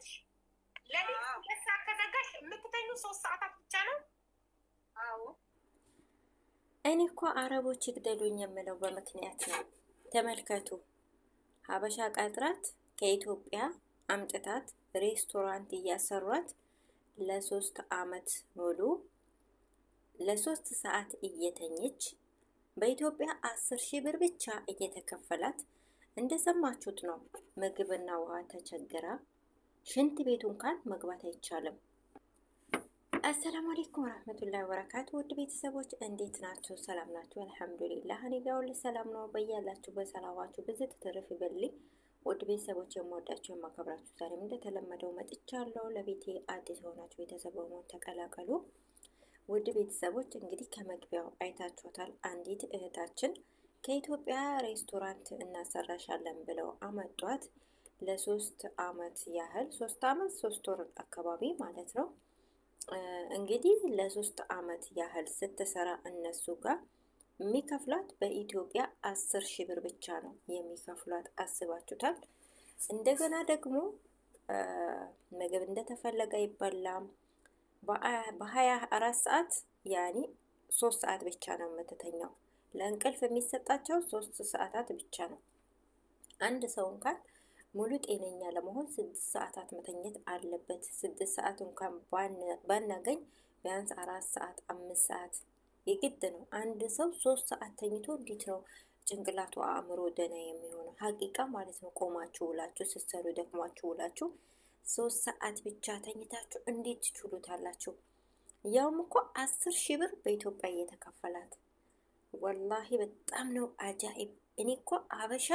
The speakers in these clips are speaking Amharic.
እውነትሽ ለሊት ሁለት ሰዓት ከዘጋሽ የምትተኙ ሶስት ሰዓታት ብቻ ነው? አዎ። እኔ እኮ አረቦች ይግደሉኝ የምለው በምክንያት ነው። ተመልከቱ፣ ሀበሻ ቀጥራት ከኢትዮጵያ አምጥታት ሬስቶራንት እያሰሯት ለሶስት አመት ሙሉ ለሶስት ሰዓት እየተኘች በኢትዮጵያ አስር ሺህ ብር ብቻ እየተከፈላት እንደሰማችሁት ነው ምግብና ውሃ ተቸግራ ሽንት ቤቱ እንኳን መግባት አይቻልም። አሰላሙ አሌይኩም ወረህመቱላሂ ወበረካቱ ውድ ቤተሰቦች እንዴት ናችሁ? ሰላም ናችሁ? አልሐምዱሊላህ እኔ ጋር ሁሉ ሰላም ነው። በያላችሁ በሰላማችሁ ብዙ ትትርፍ ይበልኝ። ውድ ቤተሰቦች የምወዳችሁ የማከብራችሁ፣ ዛሬም እንደተለመደው መጥቻለሁ። ለቤቴ አዲስ የሆናችሁ ቤተሰብ በመሆን ተቀላቀሉ። ውድ ቤተሰቦች እንግዲህ ከመግቢያው አይታችኋታል አንዲት እህታችን ከኢትዮጵያ ሬስቶራንት እናሰራሻለን ብለው አመጧት። ለሶስት አመት ያህል ሶስት አመት ሶስት ወር አካባቢ ማለት ነው። እንግዲህ ለሶስት አመት ያህል ስትሰራ እነሱ ጋር የሚከፍሏት በኢትዮጵያ አስር ሺህ ብር ብቻ ነው የሚከፍሏት። አስባችሁታል። እንደገና ደግሞ ምግብ እንደተፈለገ አይበላም። በሀያ አራት ሰዓት ያኒ ሶስት ሰዓት ብቻ ነው የምትተኛው። ለእንቅልፍ የሚሰጣቸው ሶስት ሰዓታት ብቻ ነው። አንድ ሰው እንኳን ሙሉ ጤነኛ ለመሆን ስድስት ሰዓታት መተኘት አለበት። ስድስት ሰዓት እንኳን ባናገኝ ቢያንስ አራት ሰዓት አምስት ሰዓት የግድ ነው። አንድ ሰው ሶስት ሰዓት ተኝቶ እንዴት ነው ጭንቅላቱ አእምሮ ደህና የሚሆነው? ሀቂቃ ማለት ነው። ቆማችሁ ውላችሁ ስትሰሩ ደክሟችሁ ውላችሁ ሶስት ሰዓት ብቻ ተኝታችሁ እንዴት ትችሉታላችሁ? ያውም እኮ አስር ሺህ ብር በኢትዮጵያ እየተከፈላት ወላሂ፣ በጣም ነው አጃኢብ። እኔ እኮ አበሻ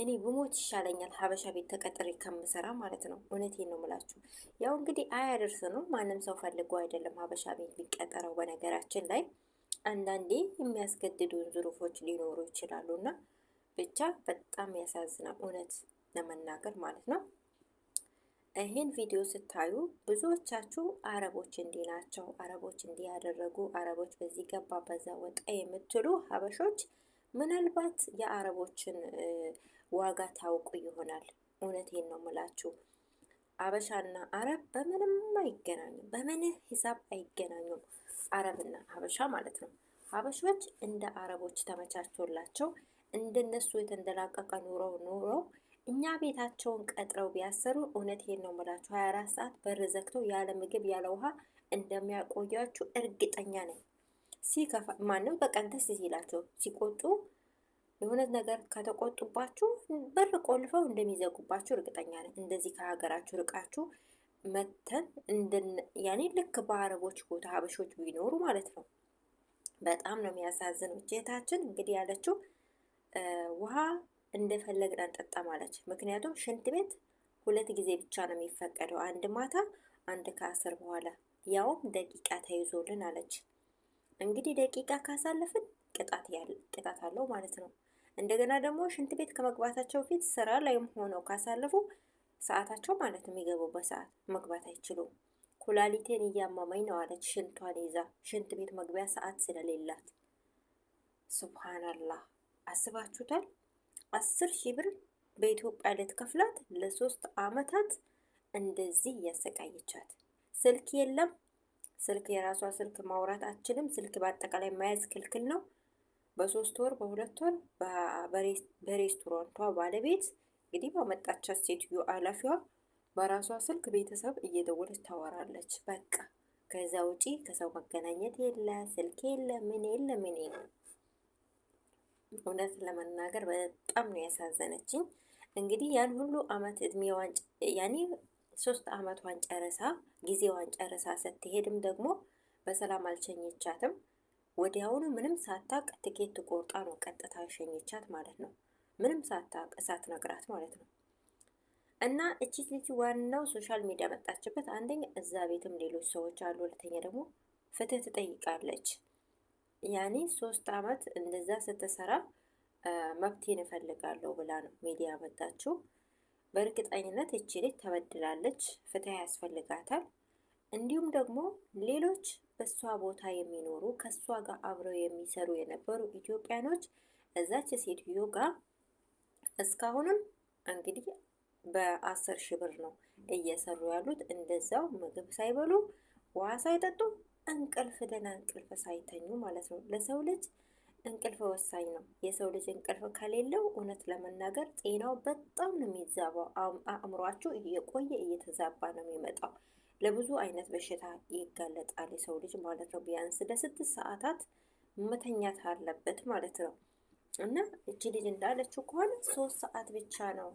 እኔ ብሞት ይሻለኛል ሀበሻ ቤት ተቀጥሬ ከምሰራ ማለት ነው። እውነቴን ነው ምላችሁ። ያው እንግዲህ አያደርስ ነው ማንም ሰው ፈልጎ አይደለም ሀበሻ ቤት ሊቀጠረው። በነገራችን ላይ አንዳንዴ የሚያስገድዱን ዙሩፎች ሊኖሩ ይችላሉ እና ብቻ በጣም ያሳዝናል፣ እውነት ለመናገር ማለት ነው። ይህን ቪዲዮ ስታዩ ብዙዎቻችሁ አረቦች እንዲህ ናቸው፣ አረቦች እንዲህ ያደረጉ፣ አረቦች በዚህ ገባ በዛ ወጣ የምትሉ ሀበሾች ምናልባት የአረቦችን ዋጋ ታውቁ ይሆናል። እውነቴን ነው ምላችሁ። አበሻና አረብ በምንም አይገናኙም። በምን ሂሳብ አይገናኙም። አረብና ሀበሻ ማለት ነው። ሀበሾች እንደ አረቦች ተመቻችቶላቸው እንደነሱ የተንደላቀቀ ኑሮ ኑረው እኛ ቤታቸውን ቀጥረው ቢያሰሩ እውነቴን ነው ምላችሁ ሀያ አራት ሰዓት በር ዘግተው ያለ ምግብ ያለ ውሃ እንደሚያቆያችሁ እርግጠኛ ነኝ። ሲከፋ ማንም በቀን ደስ ሲላቸው ሲቆጡ የሆነ ነገር ከተቆጡባችሁ በር ቆልፈው እንደሚዘጉባችሁ እርግጠኛ ነኝ። እንደዚህ ከሀገራችሁ ርቃችሁ መተን ያኔ ልክ በአረቦች ቦታ ሀበሾች ቢኖሩ ማለት ነው። በጣም ነው የሚያሳዝን። እህታችን እንግዲህ ያለችው ውሃ እንደፈለግን አንጠጣ ማለች። ምክንያቱም ሽንት ቤት ሁለት ጊዜ ብቻ ነው የሚፈቀደው፣ አንድ ማታ፣ አንድ ከአስር በኋላ ያውም ደቂቃ ተይዞልን አለች። እንግዲህ ደቂቃ ካሳለፍን ቅጣት አለው ማለት ነው። እንደገና ደግሞ ሽንት ቤት ከመግባታቸው ፊት ስራ ላይም ሆነው ካሳለፉ ሰዓታቸው ማለት የሚገቡበት ሰዓት መግባት አይችሉም። ኩላሊቴን እያማመኝ ነው አለች ሽንቷን ይዛ ሽንት ቤት መግቢያ ሰዓት ስለሌላት። ሱብሃናላህ አስባችሁታል? አስር ሺህ ብር በኢትዮጵያ ልትከፍላት ለሶስት አመታት እንደዚህ እያሰቃየቻት ስልክ የለም ስልክ የራሷ ስልክ ማውራት አትችልም። ስልክ በአጠቃላይ መያዝ ክልክል ነው። በሶስት ወር በሁለት ወር በሬስቶራንቷ ባለቤት እንግዲህ ባመጣቻት ሴትዮ አላፊዋ በራሷ ስልክ ቤተሰብ እየደወለች ታወራለች። በቃ ከዛ ውጪ ከሰው መገናኘት የለ፣ ስልክ የለ፣ ምን የለ፣ ምን የለ። እውነት ለመናገር በጣም ነው ያሳዘነችኝ። እንግዲህ ያን ሁሉ አመት እድሜዋን ያኔ ሶስት አመቷን ጨረሳ ጊዜዋን ጨረሳ ስትሄድም ደግሞ በሰላም አልቸኘቻትም። ወዲያውኑ ምንም ሳታቅ ትኬት ቆርጣ ነው ቀጥታ ሸኘቻት ማለት ነው። ምንም ሳታቅ ነግራት ማለት ነው። እና እቺ ልጅ ዋናው ሶሻል ሚዲያ መጣችበት። አንደኛ እዛ ቤትም ሌሎች ሰዎች አሉ፣ ሁለተኛ ደግሞ ፍትህ ትጠይቃለች። ያኔ ሶስት አመት እንደዛ ስትሰራ መብቴን እፈልጋለሁ ብላ ነው ሚዲያ መጣችው። በእርግጠኝነት እቺ ልጅ ተበድላለች፣ ፍትህ ያስፈልጋታል። እንዲሁም ደግሞ ሌሎች በእሷ ቦታ የሚኖሩ ከእሷ ጋር አብረው የሚሰሩ የነበሩ ኢትዮጵያኖች እዛች ሴትዮ ጋር እስካሁንም እንግዲህ በአስር ሺህ ብር ነው እየሰሩ ያሉት። እንደዛው ምግብ ሳይበሉ ውሃ ሳይጠጡ እንቅልፍ ደህና እንቅልፍ ሳይተኙ ማለት ነው። ለሰው ልጅ እንቅልፍ ወሳኝ ነው። የሰው ልጅ እንቅልፍ ከሌለው እውነት ለመናገር ጤናው በጣም ነው የሚዛባው። አእምሯችሁ እየቆየ እየተዛባ ነው የሚመጣው። ለብዙ አይነት በሽታ ይጋለጣል የሰው ልጅ ማለት ነው። ቢያንስ ለስድስት ሰዓታት መተኛት አለበት ማለት ነው። እና እቺ ልጅ እንዳለችው ከሆነ ሶስት ሰዓት ብቻ ነው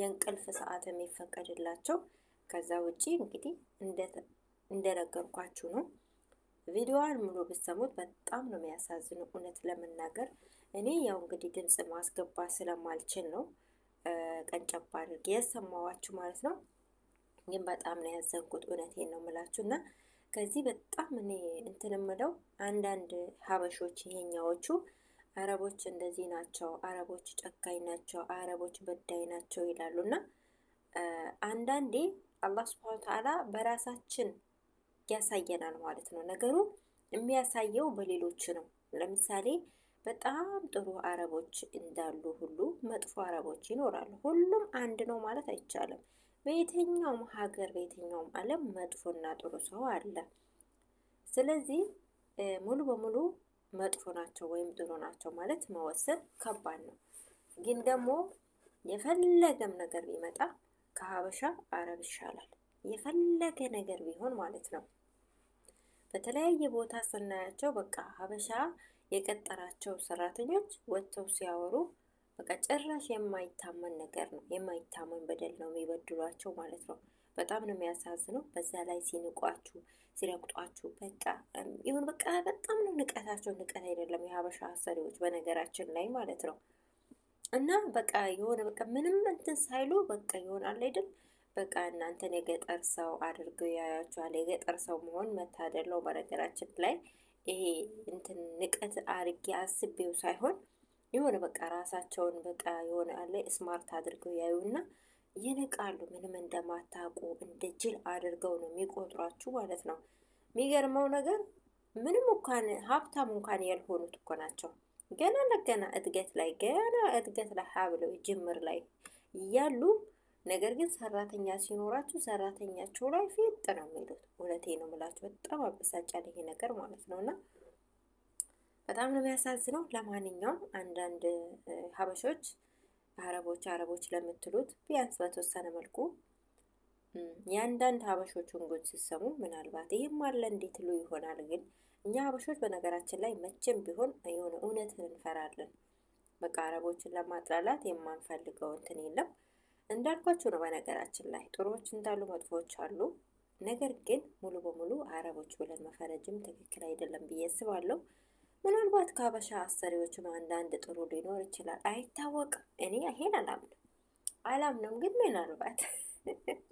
የእንቅልፍ ሰዓት የሚፈቀድላቸው። ከዛ ውጪ እንግዲህ እንደነገርኳችሁ ነው። ቪዲዮዋን ሙሉ ብትሰሙት በጣም ነው የሚያሳዝኑ። እውነት ለመናገር እኔ ያው እንግዲህ ድምፅ ማስገባ ስለማልችል ነው ቀንጨባ አድርጌ የሰማዋችሁ ማለት ነው። ግን በጣም ነው ያዘንኩት። እውነቴን ነው የምላችሁ እና ከዚህ በጣም እኔ እንትን የምለው አንዳንድ ሀበሾች ይሄኛዎቹ አረቦች እንደዚህ ናቸው፣ አረቦች ጨካኝ ናቸው፣ አረቦች በዳይ ናቸው ይላሉና አንዳንዴ አላህ ስብሐነ ወተዓላ በራሳችን ያሳየናል ማለት ነው። ነገሩ የሚያሳየው በሌሎች ነው። ለምሳሌ በጣም ጥሩ አረቦች እንዳሉ ሁሉ መጥፎ አረቦች ይኖራሉ። ሁሉም አንድ ነው ማለት አይቻልም። በየትኛውም ሀገር በየትኛውም ዓለም መጥፎና ጥሩ ሰው አለ። ስለዚህ ሙሉ በሙሉ መጥፎ ናቸው ወይም ጥሩ ናቸው ማለት መወሰን ከባድ ነው። ግን ደግሞ የፈለገም ነገር ቢመጣ ከሀበሻ አረብ ይሻላል። የፈለገ ነገር ቢሆን ማለት ነው። በተለያየ ቦታ ስናያቸው በቃ ሀበሻ የቀጠራቸው ሰራተኞች ወጥተው ሲያወሩ በቃ ጭራሽ የማይታመን ነገር ነው፣ የማይታመን በደል ነው የሚበድሏቸው ማለት ነው። በጣም ነው የሚያሳዝነው። በዛ ላይ ሲንቋችሁ፣ ሲረግጧችሁ በቃ ይሁን በቃ በጣም ነው ንቀታቸው። ንቀት አይደለም የሀበሻ አሰሪዎች በነገራችን ላይ ማለት ነው። እና በቃ የሆነ በቃ ምንም እንትን ሳይሉ በቃ ይሆናል አይደል በቃ እናንተን የገጠር ሰው አድርገው ያያችኋል። የገጠር ሰው መሆን መታደለው በነገራችን ላይ ይሄ እንትን ንቀት አርጌ አስቤው ሳይሆን የሆነ በቃ ራሳቸውን በቃ የሆነ አለ ስማርት አድርገው ያዩና ይንቃሉ። ምንም እንደማታውቁ እንደ ጅል አድርገው ነው የሚቆጥሯችሁ ማለት ነው። የሚገርመው ነገር ምንም እንኳን ሀብታም እንኳን ያልሆኑት እኮ ናቸው። ገና ለገና እድገት ላይ ገና እድገት ላይ ሀብለው ጅምር ላይ እያሉ ነገር ግን ሰራተኛ ሲኖራችሁ ሰራተኛችሁ ላይ ፊጥ ነው የሚሉት። እውነቴ ነው የምላችሁ። በጣም አበሳጫል ይሄ ነገር ማለት ነው እና በጣም ነው የሚያሳዝነው። ለማንኛውም አንዳንድ ሀበሾች አረቦች አረቦች ለምትሉት ቢያንስ በተወሰነ መልኩ የአንዳንድ ሀበሾችን ጉድ ሲሰሙ ምናልባት ይህም አለ እንዴት ሉ ይሆናል። ግን እኛ ሀበሾች በነገራችን ላይ መቼም ቢሆን የሆነ እውነትን እንፈራለን። በቃ አረቦችን ለማጥላላት የማንፈልገው እንትን የለም። እንዳልኳቸው ነው። በነገራችን ላይ ጥሩዎች እንዳሉ መጥፎዎች አሉ። ነገር ግን ሙሉ በሙሉ አረቦች ብለን መፈረጅም ትክክል አይደለም ብዬ አስባለሁ። ምናልባት ከሀበሻ አሰሪዎችም አንዳንድ ጥሩ ሊኖር ይችላል፣ አይታወቅም። እኔ ይሄን አላምንም አላምንም፣ ግን ምናልባት